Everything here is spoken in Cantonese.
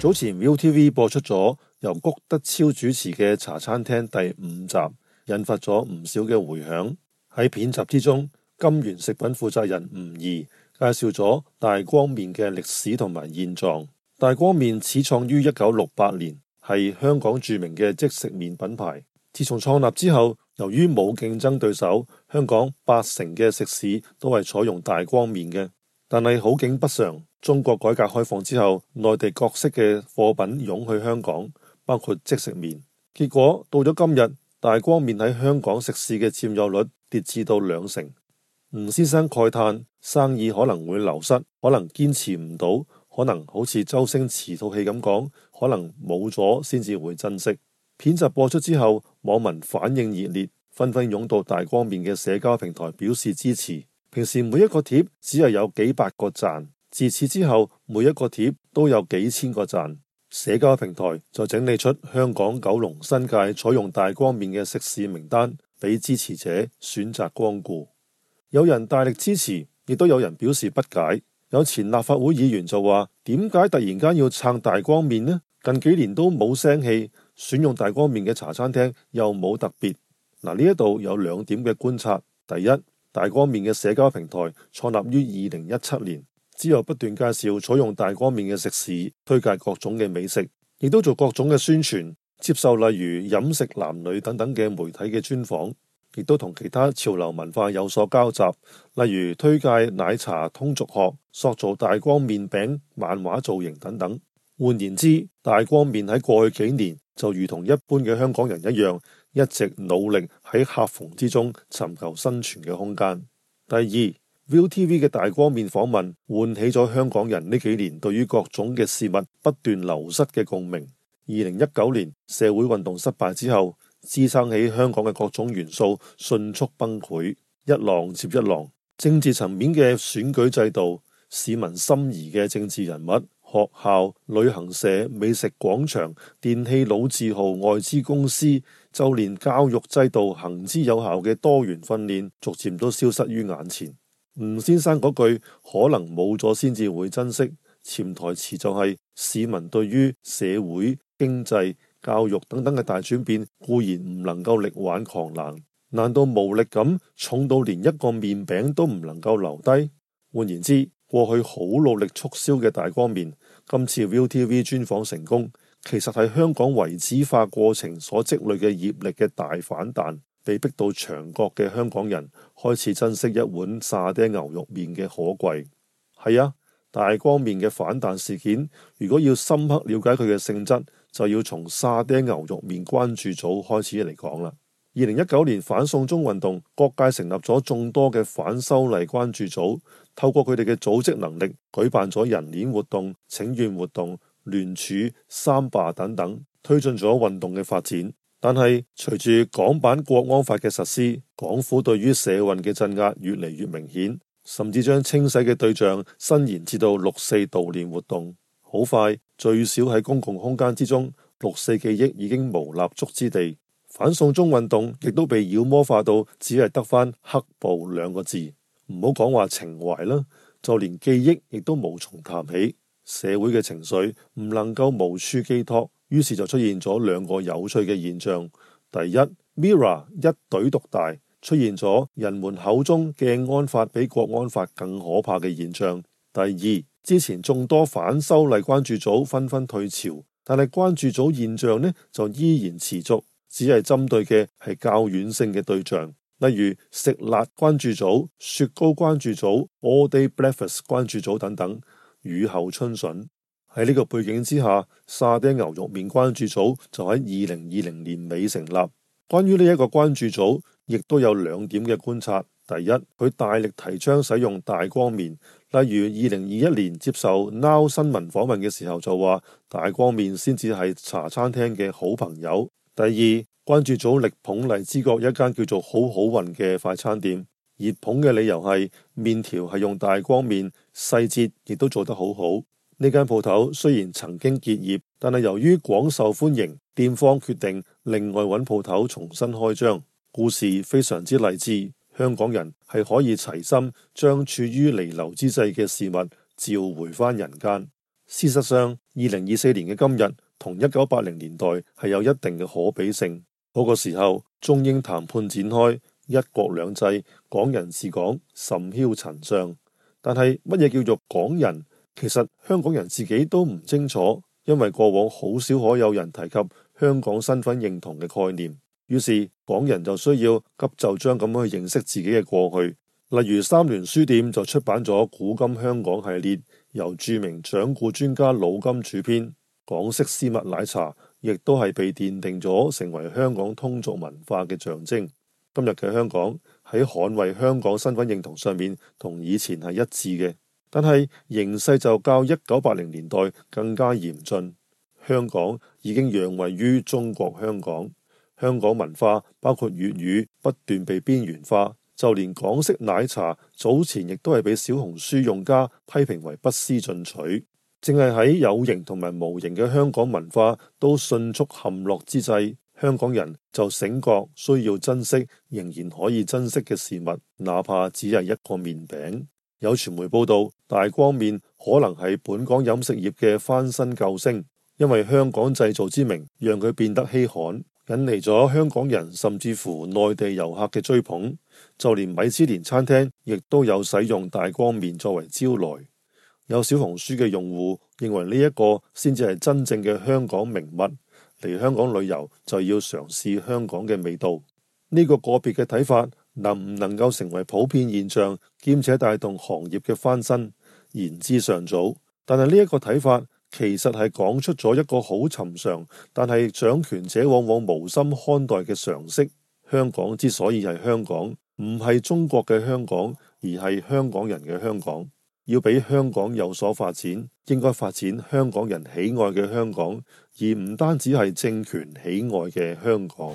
早前 ViuTV 播出咗由谷德昭主持嘅茶餐廳第五集，引發咗唔少嘅迴響。喺片集之中，金源食品負責人吳怡介紹咗大光麵嘅歷史同埋現狀。大光麵始創於一九六八年，係香港著名嘅即食麵品牌。自從創立之後，由於冇競爭對手，香港八成嘅食肆都係採用大光麵嘅。但係好景不常。中國改革開放之後，內地各式嘅貨品湧去香港，包括即食麵。結果到咗今日，大光麵喺香港食肆嘅佔有率跌至到兩成。吳先生慨嘆：生意可能會流失，可能堅持唔到，可能好似周星馳套戲咁講，可能冇咗先至會珍惜。片集播出之後，網民反應熱烈，紛紛湧到大光麵嘅社交平台表示支持。平時每一個貼只係有幾百個讚。自此之後，每一個帖都有幾千個讚。社交平台就整理出香港九龍新界採用大光麵嘅食肆名單，俾支持者選擇光顧。有人大力支持，亦都有人表示不解。有前立法會議員就話：「點解突然間要撐大光麵呢？近幾年都冇聲氣，選用大光麵嘅茶餐廳又冇特別。」嗱，呢度有兩點嘅觀察：第一，大光麵嘅社交平台創立於二零一七年。之後不斷介紹採用大光麵嘅食肆，推介各種嘅美食，亦都做各種嘅宣傳，接受例如飲食男女等等嘅媒體嘅專訪，亦都同其他潮流文化有所交集，例如推介奶茶通俗學、塑造大光麵餅、漫畫造型等等。換言之，大光麵喺過去幾年就如同一般嘅香港人一樣，一直努力喺夾縫之中尋求生存嘅空間。第二。ViuTV 嘅大光麵訪問喚起咗香港人呢幾年對於各種嘅事物不斷流失嘅共鳴。二零一九年社會運動失敗之後，支撐起香港嘅各種元素迅速崩潰，一浪接一浪。政治層面嘅選舉制度、市民心儀嘅政治人物、學校、旅行社、美食廣場、電器老字號、外資公司，就連教育制度行之有效嘅多元訓練，逐漸都消失於眼前。吳先生嗰句可能冇咗先至會珍惜，潛台詞就係、是、市民對於社會、經濟、教育等等嘅大轉變固然唔能夠力挽狂瀾，難道無力感重到連一個麵餅都唔能夠留低？換言之，過去好努力促銷嘅大光麵，今次 ViuTV 專訪成功，其實係香港遺址化過程所積累嘅業力嘅大反彈。被逼到牆角嘅香港人開始珍惜一碗沙爹牛肉麵嘅可貴。係啊，大光麵嘅反彈事件，如果要深刻了解佢嘅性質，就要從沙爹牛肉麵關注組開始嚟講啦。二零一九年反送中運動，各界成立咗眾多嘅反修例關注組，透過佢哋嘅組織能力，舉辦咗人鏈活動、請願活動、聯署、三罷等等，推進咗運動嘅發展。但係，隨住港版國安法嘅實施，港府對於社運嘅鎮壓越嚟越明顯，甚至將清洗嘅對象伸延至到六四悼念活動。好快，最少喺公共空間之中，六四記憶已經無立足之地。反送中運動亦都被妖魔化到，只係得返「黑暴」兩個字，唔好講話情懷啦，就連記憶亦都無從談起。社會嘅情緒唔能夠無處寄託。於是就出現咗兩個有趣嘅現象。第一，Mirror 一隊獨大，出現咗人們口中嘅「鏡安法」比國安法更可怕嘅現象。第二，之前眾多反修例關注組紛紛退潮，但係關注組現象呢就依然持續，只係針對嘅係較軟性嘅對象，例如食辣關注組、雪糕關注組、All Day Breakfast 關注組等等，雨後春筍。喺呢個背景之下，沙爹牛肉麵關注組就喺二零二零年尾成立。關於呢一個關注組，亦都有兩點嘅觀察：第一，佢大力提倡使用大光麵，例如二零二一年接受 Now 新聞訪問嘅時候就話，大光麵先至係茶餐廳嘅好朋友。第二，關注組力捧荔枝角一間叫做好好運嘅快餐店，熱捧嘅理由係麵條係用大光麵，細節亦都做得好好。呢間鋪頭雖然曾經結業，但係由於廣受歡迎，店方決定另外揾鋪頭重新開張。故事非常之勵志，香港人係可以齊心將處於彌留之際嘅事物召回返人間。事實上，二零二四年嘅今日同一九八零年代係有一定嘅可比性。嗰、那個時候，中英談判展開，一國兩制，港人治港，甚囂塵上。但係乜嘢叫做港人？其實香港人自己都唔清楚，因為過往好少可有人提及香港身份認同嘅概念，於是港人就需要急就章咁樣去認識自己嘅過去。例如三聯書店就出版咗《古今香港》系列，由著名掌故專家老金主編。港式絲襪奶茶亦都係被奠定咗成為香港通俗文化嘅象徵。今日嘅香港喺捍衛香港身份認同上面，同以前係一致嘅。但係形勢就較一九八零年代更加嚴峻，香港已經讓位於中國香港，香港文化包括粵語不斷被邊緣化，就連港式奶茶早前亦都係被小紅書用家批評為不思進取。正係喺有形同埋無形嘅香港文化都迅速陷落之際，香港人就醒覺需要珍惜仍然可以珍惜嘅事物，哪怕只係一個麵餅。有傳媒報道，大光麵可能係本港飲食業嘅翻身救星，因為香港製造之名讓佢變得稀罕，引嚟咗香港人甚至乎內地遊客嘅追捧。就連米芝蓮餐廳亦都有使用大光麵作為招徠。有小紅書嘅用戶認為呢一個先至係真正嘅香港名物，嚟香港旅遊就要嘗試香港嘅味道。呢、這個個別嘅睇法。能唔能夠成為普遍現象，兼且帶動行業嘅翻身，言之尚早。但係呢一個睇法，其實係講出咗一個好尋常，但係掌權者往往無心看待嘅常識。香港之所以係香港，唔係中國嘅香港，而係香港人嘅香港。要俾香港有所發展，應該發展香港人喜愛嘅香港，而唔單止係政權喜愛嘅香港。